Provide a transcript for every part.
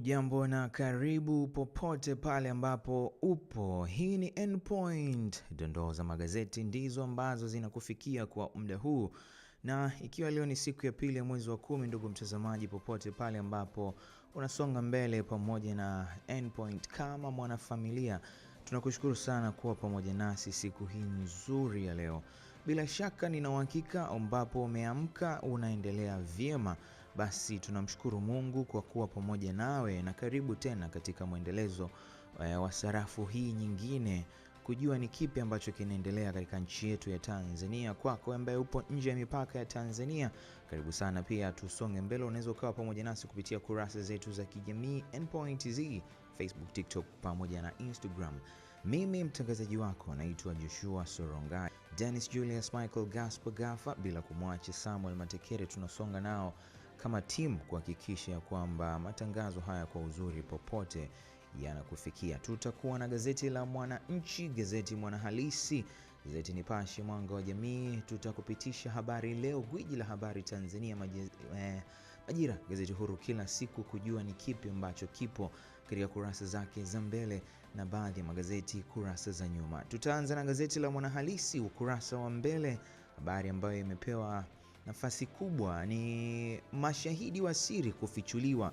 Hujambo na karibu popote pale ambapo upo. Hii ni nPoint, dondoo za magazeti ndizo ambazo zinakufikia kwa muda huu, na ikiwa leo ni siku ya pili ya mwezi wa kumi, ndugu mtazamaji, popote pale ambapo unasonga mbele pamoja na nPoint kama mwanafamilia, tunakushukuru sana kuwa pamoja nasi siku hii nzuri ya leo. Bila shaka nina uhakika ambapo umeamka unaendelea vyema. Basi tunamshukuru Mungu kwa kuwa pamoja nawe, na karibu tena katika mwendelezo eh, wa sarafu hii nyingine kujua ni kipi ambacho kinaendelea katika nchi yetu ya Tanzania. Kwako ambaye upo nje ya mipaka ya Tanzania, karibu sana pia. Tusonge mbele, unaweza ukawa pamoja nasi kupitia kurasa zetu za kijamii nPoint Facebook, TikTok pamoja na Instagram. Mimi mtangazaji wako naitwa Joshua Sorongai. Dennis Julius Michael Gaspar Gaffa, bila kumwacha Samuel Matekere. Tunasonga nao kama timu kuhakikisha kwamba matangazo haya kwa uzuri popote yanakufikia. Tutakuwa na gazeti la Mwananchi, gazeti Mwanahalisi, gazeti Nipashe, Mwanga wa Jamii. Tutakupitisha Habari Leo, gwiji la habari Tanzania, maje, eh, Majira, gazeti huru kila siku, kujua ni kipi ambacho kipo katika kurasa zake za mbele na baadhi ya magazeti kurasa za nyuma. Tutaanza na gazeti la Mwanahalisi, ukurasa wa mbele, habari ambayo imepewa nafasi kubwa ni mashahidi wa siri kufichuliwa.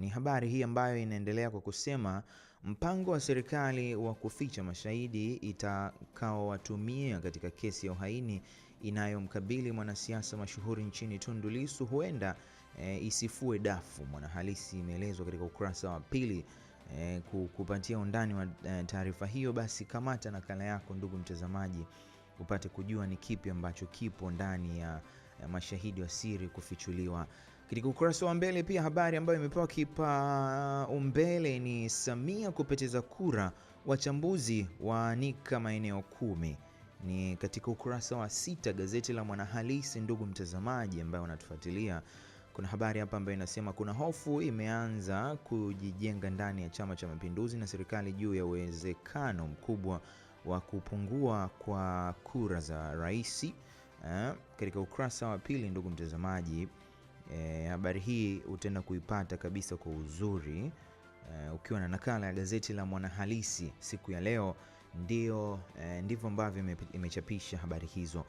Ni habari hii ambayo inaendelea kwa kusema mpango wa serikali wa kuficha mashahidi itakaowatumia katika kesi ya uhaini inayomkabili mwanasiasa mashuhuri nchini Tundu Lissu huenda e, isifue dafu. Mwanahalisi imeelezwa katika ukurasa wa pili e, kupatia undani wa eh, taarifa hiyo. Basi kamata nakala yako ndugu mtazamaji, upate kujua ni kipi ambacho kipo ndani ya mashahidi wa siri kufichuliwa. Katika ukurasa wa mbele pia habari ambayo imepewa kipaumbele ni Samia kupoteza kura, wachambuzi waanika maeneo kumi. Ni katika ukurasa wa sita gazeti la Mwanahalisi, ndugu mtazamaji ambaye unatufuatilia kuna habari hapa ambayo inasema kuna hofu imeanza kujijenga ndani ya Chama cha Mapinduzi na serikali juu ya uwezekano mkubwa wa kupungua kwa kura za rais. Eh, katika ukurasa wa pili, ndugu mtazamaji, eh, habari hii utaenda kuipata kabisa kwa uzuri eh, ukiwa na nakala ya gazeti la Mwanahalisi siku ya leo. Ndio eh, ndivyo ambavyo imechapisha habari hizo.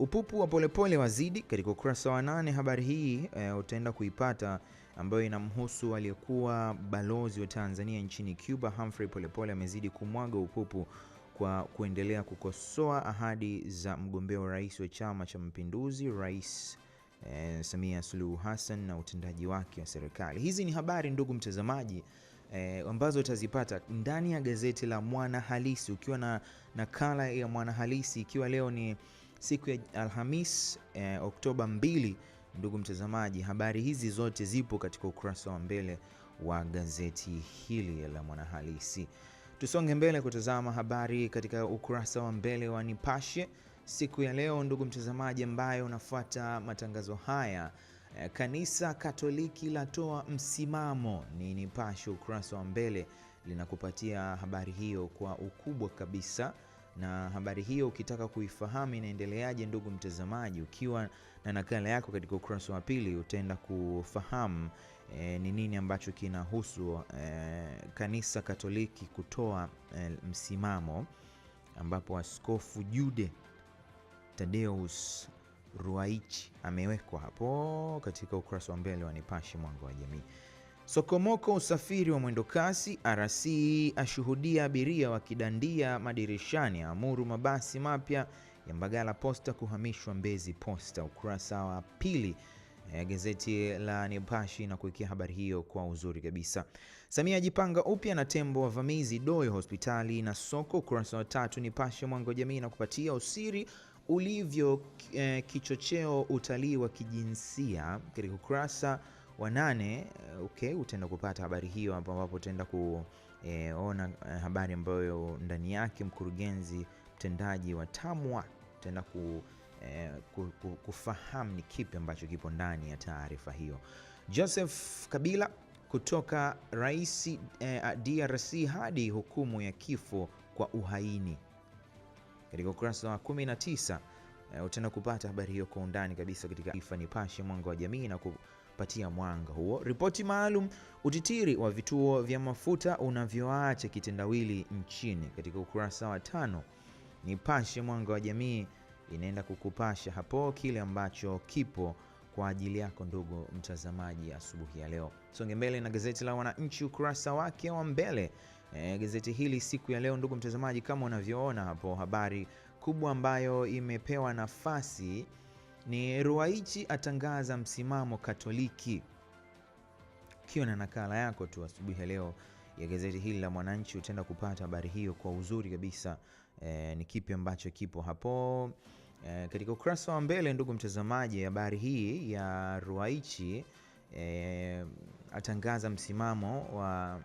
Upupu wa Polepole wazidi katika ukurasa wa nane. Habari hii e, utaenda kuipata ambayo inamhusu aliyekuwa balozi wa Tanzania nchini Cuba Humphrey Polepole amezidi kumwaga upupu kwa kuendelea kukosoa ahadi za mgombea urais rais wa Chama cha Mapinduzi, Rais e, Samia Suluhu Hassan na utendaji wake wa serikali. Hizi ni habari ndugu mtazamaji E, ambazo utazipata ndani ya gazeti la mwana halisi ukiwa na nakala ya mwana halisi ikiwa leo ni siku ya Alhamis eh, Oktoba 2. Ndugu mtazamaji, habari hizi zote zipo katika ukurasa wa mbele wa gazeti hili la Mwanahalisi. Tusonge mbele kutazama habari katika ukurasa wa mbele wa Nipashe siku ya leo, ndugu mtazamaji ambaye unafuata matangazo haya. Eh, kanisa Katoliki latoa msimamo, ni Nipashe ukurasa wa mbele linakupatia habari hiyo kwa ukubwa kabisa na habari hiyo ukitaka kuifahamu inaendeleaje, ndugu mtazamaji, ukiwa na nakala yako katika ukurasa wa pili utaenda kufahamu eh, ni nini ambacho kinahusu e, kanisa Katoliki kutoa e, msimamo ambapo Askofu Jude Tadeus Ruwaichi amewekwa hapo katika ukurasa wa mbele wa Nipashe Mwanga wa Jamii. Sokomoko usafiri wa mwendokasi RC ashuhudia abiria wakidandia madirishani, aamuru mabasi mapya ya Mbagala Posta kuhamishwa Mbezi Posta. Ukurasa wa pili ya eh, gazeti la Nipashe na kuwekea habari hiyo kwa uzuri kabisa. Samia ajipanga upya na tembo wavamizi Doyo hospitali na soko. Ukurasa wa tatu Nipashe mwanga wa jamii na kupatia usiri ulivyo eh, kichocheo utalii wa kijinsia katika ukurasa wa nane eh, okay, utaenda kupata habari hiyo ambapo utaenda kuona eh, e, eh, habari ambayo ndani yake mkurugenzi mtendaji wa TAMWA utaenda ku, e, ku, ku, kufahamu ni kipi ambacho kipo ndani ya taarifa hiyo. Joseph Kabila kutoka rais e, DRC hadi hukumu ya kifo kwa uhaini. Katika ukurasa wa 19 utaenda kupata habari hiyo kwa undani kabisa katika Ifa Nipashe, mwanga wa jamii na ku kupatia mwanga huo ripoti maalum utitiri wa vituo vya mafuta unavyoacha kitendawili nchini katika ukurasa wa tano. Nipashe Mwanga wa Jamii inaenda kukupasha hapo kile ambacho kipo kwa ajili yako ndugu mtazamaji, asubuhi ya leo. Songe mbele na gazeti la Wananchi ukurasa wake wa mbele. E, gazeti hili siku ya leo, ndugu mtazamaji, kama unavyoona hapo, habari kubwa ambayo imepewa nafasi ni Ruwaichi atangaza msimamo Katoliki. Ukiwa na nakala yako tu asubuhi ya leo ya gazeti hili la Mwananchi utaenda kupata habari hiyo kwa uzuri kabisa. E, ni kipi ambacho kipo hapo e, katika ukurasa wa mbele, ndugu mtazamaji, habari hii ya Ruwaichi e, atangaza msimamo wa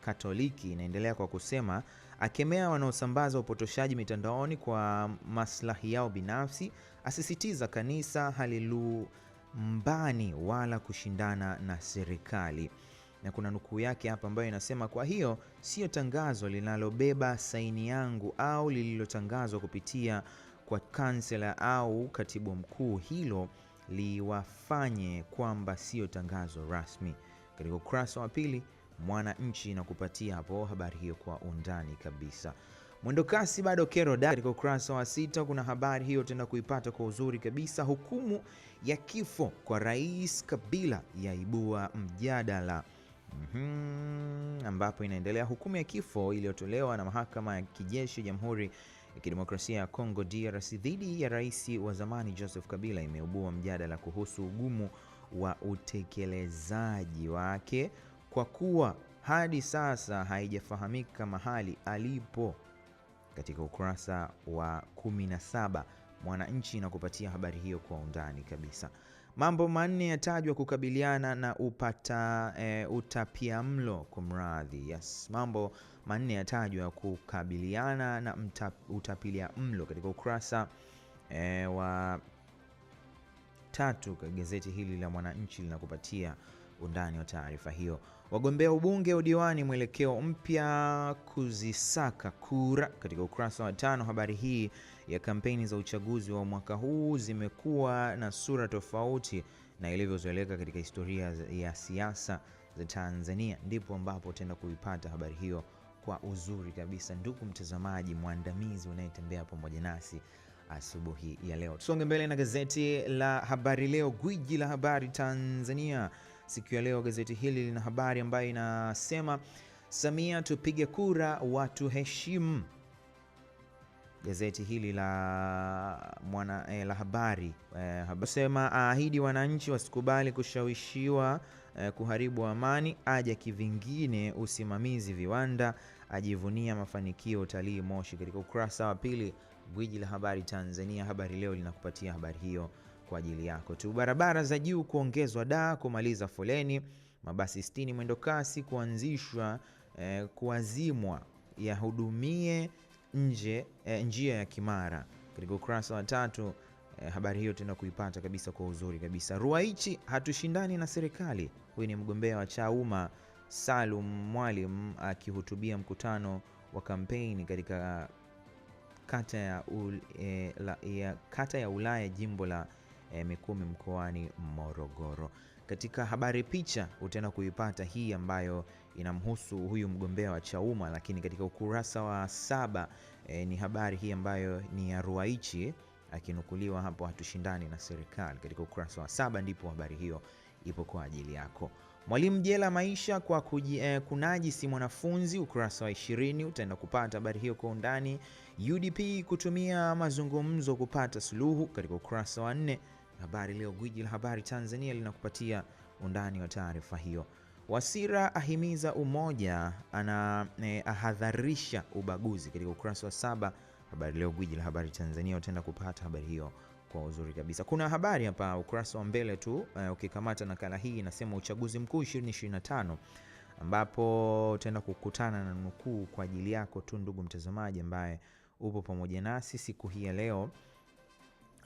Katoliki inaendelea kwa kusema akemea wanaosambaza upotoshaji mitandaoni kwa maslahi yao binafsi, asisitiza kanisa halilumbani wala kushindana na serikali na kuna nukuu yake hapa ambayo inasema, kwa hiyo siyo tangazo linalobeba saini yangu au lililotangazwa kupitia kwa kansela au katibu mkuu, hilo liwafanye kwamba siyo tangazo rasmi. Katika ukurasa wa pili Mwananchi na kupatia hapo habari hiyo kwa undani kabisa. Mwendokasi bado kero da. Katika ukurasa wa sita kuna habari hiyo tena kuipata kwa uzuri kabisa. Hukumu ya kifo kwa Rais Kabila yaibua mjadala. Mm -hmm. Ambapo inaendelea hukumu ya kifo iliyotolewa na mahakama ya kijeshi ya Jamhuri ya Kidemokrasia ya Kongo DRC dhidi ya rais wa zamani Joseph Kabila imeibua mjadala kuhusu ugumu wa utekelezaji wake kwa kuwa hadi sasa haijafahamika mahali alipo katika ukurasa wa 17 Mwananchi na kupatia habari hiyo kwa undani kabisa. Mambo manne yatajwa kukabiliana na upata e, utapiamlo kwa mradhi. Yes, mambo manne yatajwa kukabiliana na utapilia mlo katika ukurasa e, wa tatu gazeti hili la Mwananchi linakupatia undani wa taarifa hiyo. Wagombea ubunge, udiwani, mwelekeo mpya kuzisaka kura. Katika ukurasa wa tano, habari hii ya kampeni za uchaguzi wa mwaka huu zimekuwa na sura tofauti na ilivyozoeleka katika historia ya siasa za Tanzania, ndipo ambapo utaenda kuipata habari hiyo kwa uzuri kabisa, ndugu mtazamaji mwandamizi unayetembea pamoja nasi asubuhi ya leo. Tusonge mbele na gazeti la Habari Leo, gwiji la habari Tanzania Siku ya leo gazeti hili lina habari ambayo inasema Samia, tupige kura watuheshimu. Gazeti hili la mwana, eh, la habari eh, sema aahidi wananchi wasikubali kushawishiwa eh, kuharibu amani, aja kivingine usimamizi viwanda, ajivunia mafanikio utalii Moshi. Katika ukurasa wa pili, gwiji la habari Tanzania Habari Leo linakupatia habari hiyo kwa ajili yako tu. Barabara za juu kuongezwa da kumaliza foleni, mabasi 60 mwendo kasi kuanzishwa eh, kuazimwa yahudumie nje eh, njia ya Kimara katika ukurasa wa tatu. Eh, habari hiyo tena kuipata kabisa kwa uzuri kabisa. Ruaichi, hatushindani na serikali. Huyu ni mgombea wa Chauma Salum Mwalim akihutubia mkutano wa kampeni katika kata ya, ul, eh, la, ya, kata ya Ulaya jimbo la e, Mikumi mkoani Morogoro. Katika habari picha utaenda kuipata hii ambayo inamhusu huyu mgombea wa Chauma, lakini katika ukurasa wa saba e, ni habari hii ambayo ni ya Ruwaichi akinukuliwa hapo, hatushindani na serikali. Katika ukurasa wa saba ndipo habari hiyo ipo kwa ajili yako. Mwalimu jela maisha kwa kuji, eh, si mwanafunzi, ukurasa wa 20 utaenda kupata habari hiyo kwa undani. UDP kutumia mazungumzo kupata suluhu, katika ukurasa wa nne Habari Leo, gwiji la habari Tanzania, linakupatia undani wa taarifa hiyo. Wasira ahimiza umoja, anaahadharisha e, eh, ubaguzi. Katika ukurasa wa saba Habari Leo, gwiji la habari Tanzania, utaenda kupata habari hiyo kwa uzuri kabisa. Kuna habari hapa ukurasa wa mbele tu eh, ukikamata nakala hii inasema uchaguzi mkuu 2025 ambapo utaenda kukutana na nukuu kwa ajili yako tu ndugu mtazamaji ambaye upo pamoja nasi siku hii ya leo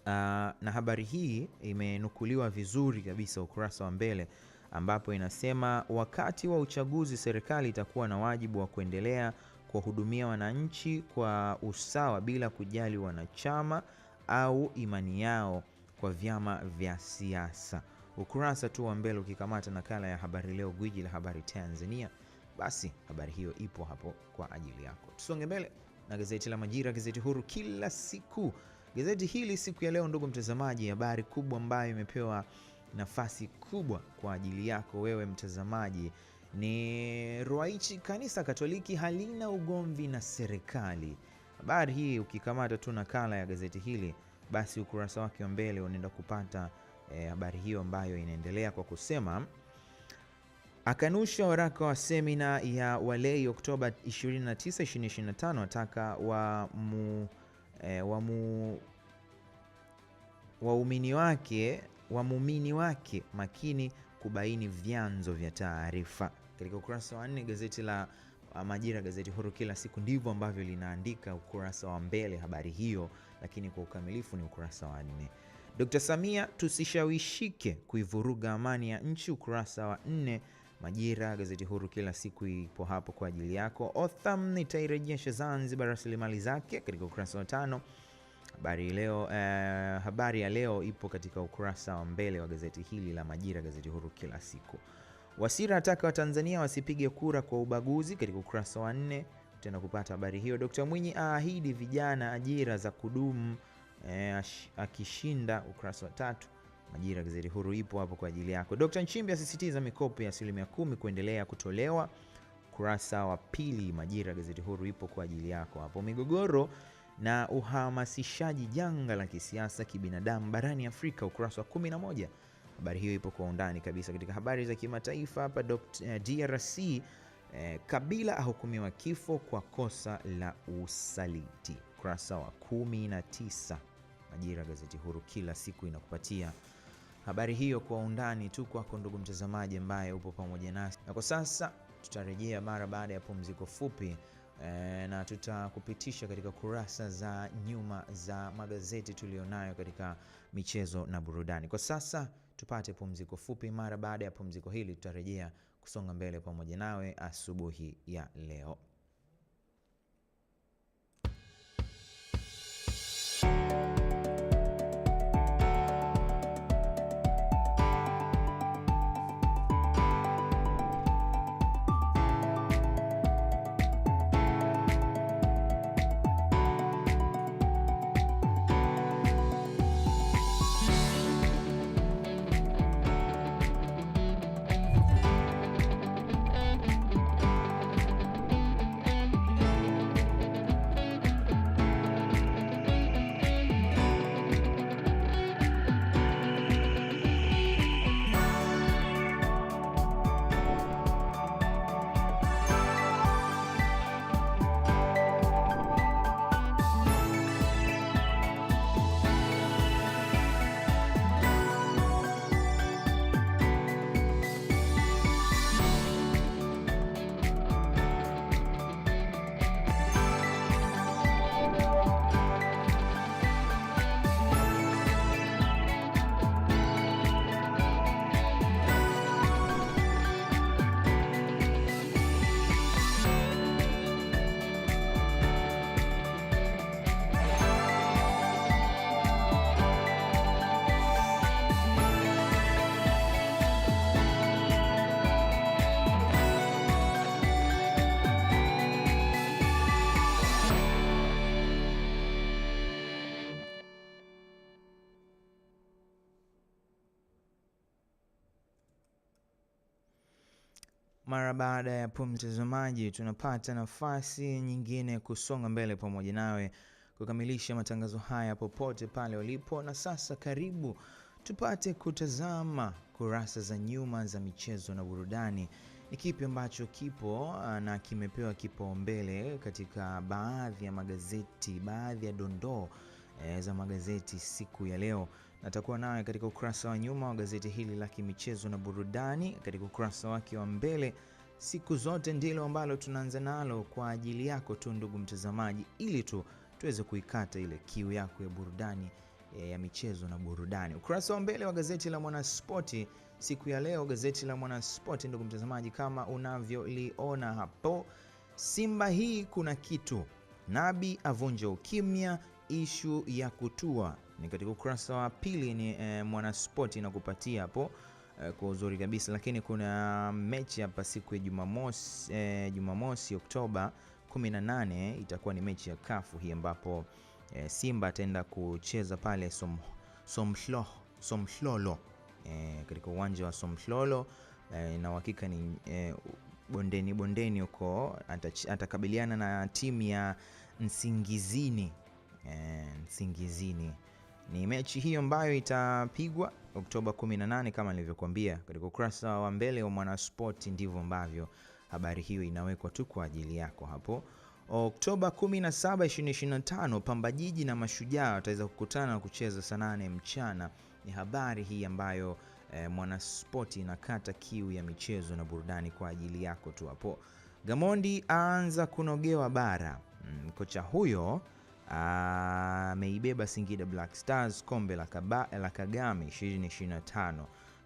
Uh, na habari hii imenukuliwa vizuri kabisa ukurasa wa mbele ambapo inasema wakati wa uchaguzi serikali itakuwa na wajibu wa kuendelea kuwahudumia wananchi kwa usawa bila kujali wanachama au imani yao kwa vyama vya siasa. Ukurasa tu wa mbele ukikamata nakala ya Habari Leo, gwiji la habari Tanzania, basi habari hiyo ipo hapo kwa ajili yako. Tusonge mbele na gazeti la Majira, gazeti huru kila siku Gazeti hili siku ya leo, ndugu mtazamaji, habari kubwa ambayo imepewa nafasi kubwa kwa ajili yako wewe mtazamaji ni Ruaichi, kanisa Katoliki halina ugomvi na serikali. Habari hii ukikamata tu nakala ya gazeti hili, basi ukurasa wake wa mbele unaenda kupata eh, habari hiyo ambayo inaendelea kwa kusema akanusha waraka wa semina ya walei Oktoba 29, 2025 ataka wa mu e, wamu, waumini wake wamumini wake makini kubaini vyanzo vya taarifa. Katika ukurasa wa nne gazeti la Majira, gazeti huru kila siku, ndivyo ambavyo linaandika ukurasa wa mbele habari hiyo, lakini kwa ukamilifu ni ukurasa wa nne. dr Samia, tusishawishike kuivuruga amani ya nchi, ukurasa wa nne. Majira, gazeti huru kila siku ipo hapo kwa ajili yako. Otham itairejesha Zanzibar rasilimali zake katika ukurasa wa tano. Habari leo eh, habari ya leo ipo katika ukurasa wa mbele wa gazeti hili la Majira, gazeti huru kila siku. Wasira ataka Watanzania wasipige kura kwa ubaguzi katika ukurasa wa nne tena kupata habari hiyo. Dkt Mwinyi aahidi vijana ajira za kudumu eh, akishinda, ukurasa wa tatu. Majira gazeti huru ipo hapo kwa ajili yako. Dkt Nchimbi asisitiza mikopo ya asilimia kumi kuendelea kutolewa, kurasa wa pili. Majira gazeti huru ipo kwa ajili yako hapo. Migogoro na uhamasishaji janga la kisiasa kibinadamu barani Afrika, ukurasa wa 11. Habari hiyo ipo kwa undani kabisa. Katika habari za kimataifa hapa, DRC eh, eh, Kabila ahukumiwa kifo kwa kosa la usaliti, ukurasa wa 19. Majira gazeti huru kila siku inakupatia habari hiyo kwa undani tu kwako ndugu mtazamaji ambaye upo pamoja nasi, na kwa sasa tutarejea mara baada ya pumziko fupi e, na tutakupitisha katika kurasa za nyuma za magazeti tuliyonayo katika michezo na burudani. Kwa sasa tupate pumziko fupi. Mara baada ya pumziko hili tutarejea kusonga mbele pamoja nawe asubuhi ya leo. Mara baada ya hapo, mtazamaji, tunapata nafasi nyingine kusonga mbele pamoja nawe kukamilisha matangazo haya popote pale ulipo. Na sasa karibu tupate kutazama kurasa za nyuma za michezo na burudani. Ni kipi ambacho kipo ah, na kimepewa kipaumbele katika baadhi ya magazeti, baadhi ya dondoo eh, za magazeti siku ya leo. Atakuwa nawe katika ukurasa wa nyuma wa gazeti hili la kimichezo na burudani. Katika ukurasa wake wa mbele siku zote ndilo ambalo tunaanza nalo kwa ajili yako tu, ndugu mtazamaji, ili tu tuweze kuikata ile kiu yako ya burudani eh, ya michezo na burudani. Ukurasa wa mbele wa gazeti la Mwanaspoti siku ya leo, gazeti la Mwanaspoti, ndugu mtazamaji, kama unavyoliona hapo, Simba hii kuna kitu, Nabi avunja ukimya, ishu ya kutua ni katika ukurasa wa pili ni e, Mwanaspoti inakupatia hapo e, kwa uzuri kabisa, lakini kuna mechi hapa siku ya Jumamosi e, eh, Jumamosi Oktoba 18 itakuwa ni mechi ya kafu hii ambapo e, Simba ataenda kucheza pale som, somhlo, Somhlolo e, katika uwanja wa Somhlolo e, na uhakika ni e, bondeni bondeni huko atakabiliana na timu ya Nsingizini e, Nsingizini ni mechi hiyo ambayo itapigwa Oktoba 18 kama nilivyokuambia katika ukurasa wa mbele wa Mwanaspoti, ndivyo ambavyo habari hiyo inawekwa tu kwa ajili yako hapo. Oktoba 17, 2025 Pamba Jiji na Mashujaa wataweza kukutana na kucheza saa nane mchana. Ni habari hii ambayo eh, Mwanaspoti inakata kiu ya michezo na burudani kwa ajili yako tu hapo. Gamondi aanza kunogewa bara. Mm, kocha huyo Ah, ameibeba Singida Black Stars kombe la, kaba, la Kagame 2025.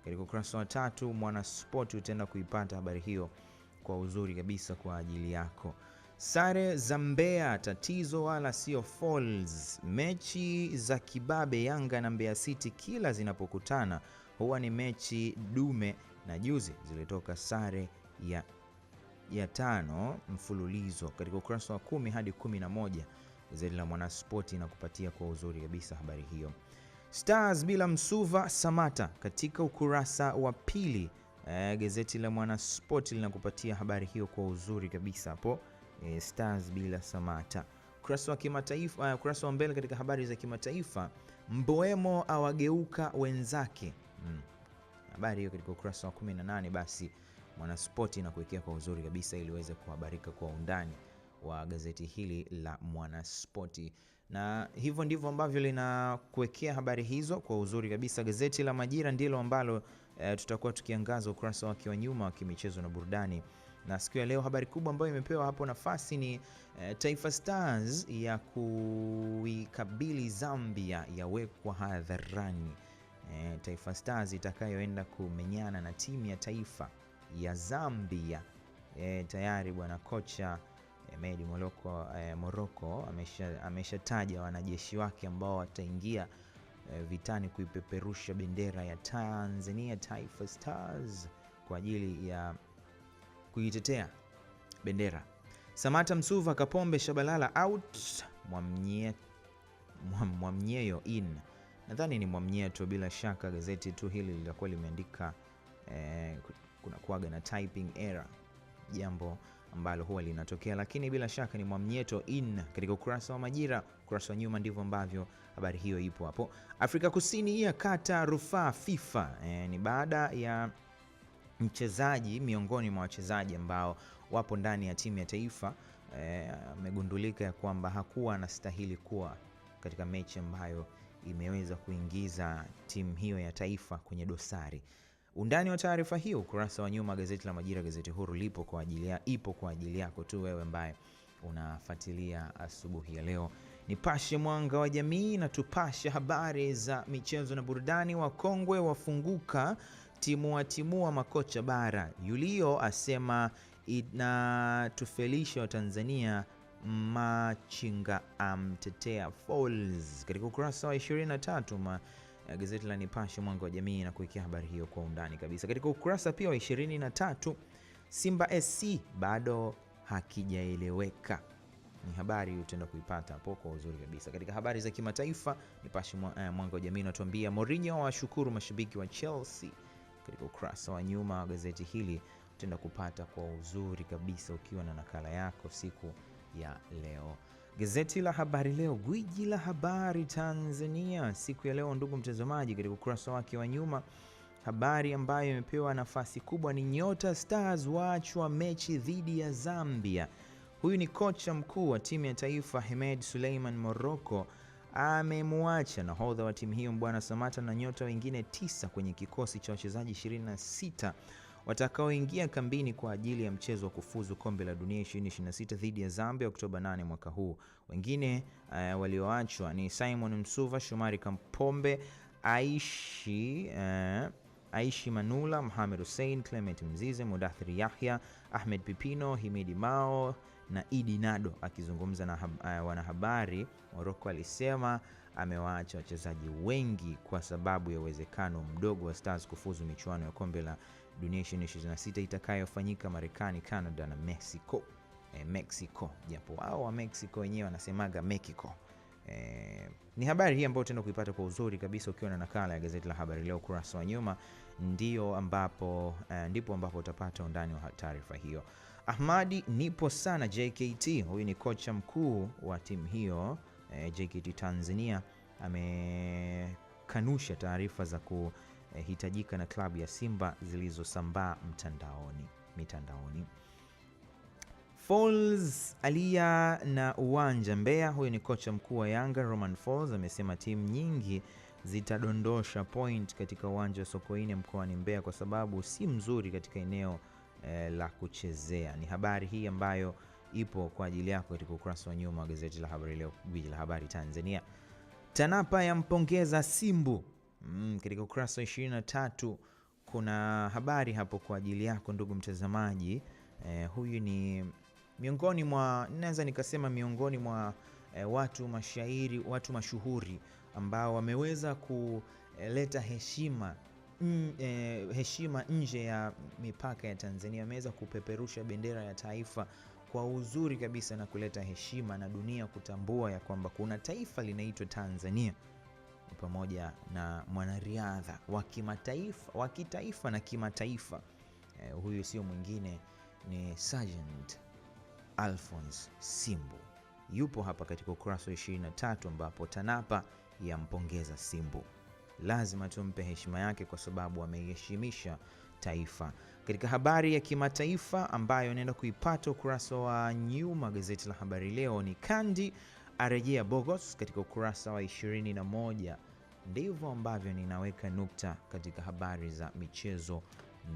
Katika ukurasa wa tatu sport utaenda kuipata habari hiyo kwa uzuri kabisa kwa ajili yako. Sare za Mbeya tatizo wala sio falls. Mechi za kibabe Yanga na Mbeya City kila zinapokutana huwa ni mechi dume, na juzi zilitoka sare ya, ya tano mfululizo. Katika ukurasa wa kumi hadi kumi na moja Gazeti la Mwanaspoti inakupatia kwa uzuri kabisa habari hiyo. Stars bila Msuva Samata katika ukurasa wa pili. Eh, gazeti la Mwanaspoti linakupatia habari hiyo kwa uzuri kabisa hapo. Eh, Stars bila Samata ukurasa wa kimataifa, eh, ukurasa wa mbele katika habari za kimataifa, Mboemo awageuka wenzake. hmm. Habari hiyo katika ukurasa wa 18. Basi Mwanaspoti inakuwekea kwa uzuri kabisa ili uweze kuhabarika kwa undani wa gazeti hili la Mwanaspoti, na hivyo ndivyo ambavyo linakuwekea habari hizo kwa uzuri kabisa. Gazeti la Majira ndilo ambalo e, tutakuwa tukiangaza ukurasa wake wa nyuma wa kimichezo na burudani na siku ya leo habari kubwa ambayo imepewa hapo nafasi ni e, Taifa Stars ya kuikabili Zambia yawekwa hadharani. E, Taifa Stars itakayoenda kumenyana na timu ya taifa ya Zambia. E, tayari bwana kocha Medi Moroko eh, Moroko ameshataja amesha wanajeshi wake ambao wataingia eh, vitani kuipeperusha bendera ya Tanzania Taifa Stars kwa ajili ya kuitetea bendera. Samata Msuva, Kapombe Shabalala out, Mwamnye, Mwamnyeyo in. Nadhani ni Mwamnyeyo tu, bila shaka gazeti tu hili lilikuwa limeandika eh, kuna kuaga na typing error jambo ambalo huwa linatokea, lakini bila shaka ni Mwamnyeto in katika ukurasa wa Majira, ukurasa wa nyuma, ndivyo ambavyo habari hiyo ipo hapo. Afrika Kusini ya kata rufaa FIFA e, ni baada ya mchezaji miongoni mwa wachezaji ambao wapo ndani ya timu ya taifa eh, amegundulika e, ya kwamba hakuwa anastahili kuwa katika mechi ambayo imeweza kuingiza timu hiyo ya taifa kwenye dosari. Undani wa taarifa hiyo ukurasa wa nyuma gazeti la Majira, gazeti huru lipo kwa ajili ya, ipo kwa ajili yako tu wewe ambaye unafuatilia asubuhi ya leo. Nipashe mwanga wa jamii na tupashe habari za michezo na burudani. Wakongwe wafunguka timua timua makocha bara. Yulio asema inatufelisha Watanzania. Machinga amtetea Falls katika ukurasa wa 23. Eh, gazeti la Nipashe mwanga wa jamii na kuikia habari hiyo kwa undani kabisa katika ukurasa pia wa 23. Simba SC bado hakijaeleweka ni habari utaenda kuipata hapo kwa uzuri kabisa. Katika habari za kimataifa, Nipashe eh, mwanga wa jamii inatuambia Mourinho awashukuru mashabiki wa Chelsea. Katika ukurasa wa nyuma wa gazeti hili utaenda kupata kwa uzuri kabisa ukiwa na nakala yako siku ya leo. Gazeti la Habari Leo, gwiji la habari Tanzania, siku ya leo, ndugu mtazamaji, katika ukurasa wake wa nyuma, habari ambayo imepewa nafasi kubwa ni nyota Stars waachwa mechi dhidi ya Zambia. Huyu ni kocha mkuu wa timu ya taifa Hemed Suleiman Morocco amemwacha nahodha wa timu hiyo Mbwana Samata na nyota wengine tisa kwenye kikosi cha wachezaji 26 watakaoingia kambini kwa ajili ya mchezo wa kufuzu kombe la dunia 2026 dhidi ya Zambia Oktoba 8 mwaka huu. Wengine uh, walioachwa ni Simon Msuva, Shomari Kapombe, Aishi uh, Aishi Manula, Mohamed Hussein, Clement Mzize, Mudathiri Yahya, Ahmed Pipino, Himidi Mao na Idi Nado. Akizungumza na uh, wanahabari Moroko, alisema amewaacha wachezaji wengi kwa sababu ya uwezekano mdogo wa Stars kufuzu michuano ya kombe la dunia 2026 itakayofanyika Marekani, Canada na Mexico. E, Mexico japo wao wa Mexico wenyewe wanasemaga Mexico. E, ni habari hii ambayo utaenda kuipata kwa uzuri kabisa ukiwa na nakala ya gazeti la Habari Leo kurasa wa nyuma, ndio ambapo uh, ndipo ambapo utapata undani wa taarifa hiyo. Ahmadi nipo sana JKT, huyu ni kocha mkuu wa timu hiyo e, JKT Tanzania amekanusha taarifa za ku hitajika na klabu ya Simba zilizosambaa mtandaoni mitandaoni. Falls alia na uwanja Mbeya. Huyu ni kocha mkuu wa Yanga Roman Falls amesema timu nyingi zitadondosha point katika uwanja wa Sokoine mkoani Mbeya kwa sababu si mzuri katika eneo eh, la kuchezea. Ni habari hii ambayo ipo kwa ajili yako katika ukurasa wa nyuma wa gazeti la Habari Leo, gwiji la habari Tanzania. TANAPA yampongeza Simbu Mm, katika ukurasa wa ishirini na tatu kuna habari hapo kwa ajili yako ndugu mtazamaji. Eh, huyu ni miongoni mwa naweza nikasema miongoni mwa eh, watu mashairi, watu mashuhuri ambao wameweza kuleta heshima Mm, eh, heshima nje ya mipaka ya Tanzania wameweza kupeperusha bendera ya taifa kwa uzuri kabisa na kuleta heshima na dunia kutambua ya kwamba kuna taifa linaitwa Tanzania pamoja na mwanariadha wa kimataifa wa kitaifa na kimataifa eh, huyu sio mwingine ni Sergeant Alphonse Simbu yupo hapa katika ukurasa wa 23 ambapo TANAPA yampongeza Simbu. Lazima tumpe heshima yake kwa sababu ameiheshimisha taifa. Katika habari ya kimataifa ambayo inaenda kuipata ukurasa wa nyuma gazeti la Habari Leo ni Kandi arejea Bogos katika ukurasa wa 21. Ndivyo ambavyo ninaweka nukta katika habari za michezo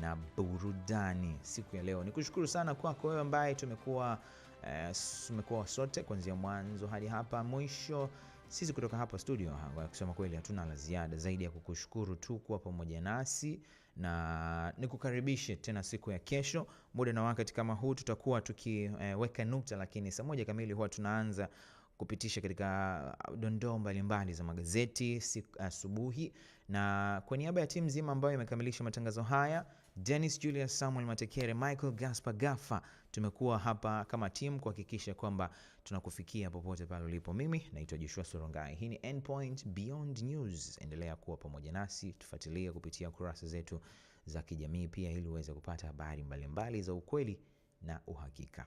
na burudani siku ya leo. Nikushukuru sana kwako wewe ambaye tumekuwa eh, tumekuwa eh, sote kuanzia mwanzo hadi hapa mwisho. Sisi kutoka hapa studio, kusema kweli, hatuna la ziada zaidi ya kukushukuru tu kuwa pamoja nasi, na nikukaribishe tena siku ya kesho muda na wakati kama huu, tutakuwa tukiweka eh, nukta, lakini saa moja kamili huwa tunaanza kupitisha katika uh, dondoo mbalimbali za magazeti asubuhi. Na kwa niaba ya timu nzima ambayo imekamilisha matangazo haya, Dennis Julius, Samuel Matekere, Michael Gaspar Gaffa, tumekuwa hapa kama timu kuhakikisha kwamba tunakufikia popote pale ulipo. Mimi naitwa Joshua Sorongai, hii ni Endpoint Beyond News. Endelea kuwa pamoja nasi, tufuatilie kupitia kurasa zetu za kijamii pia, ili uweze kupata habari mbalimbali za ukweli na uhakika.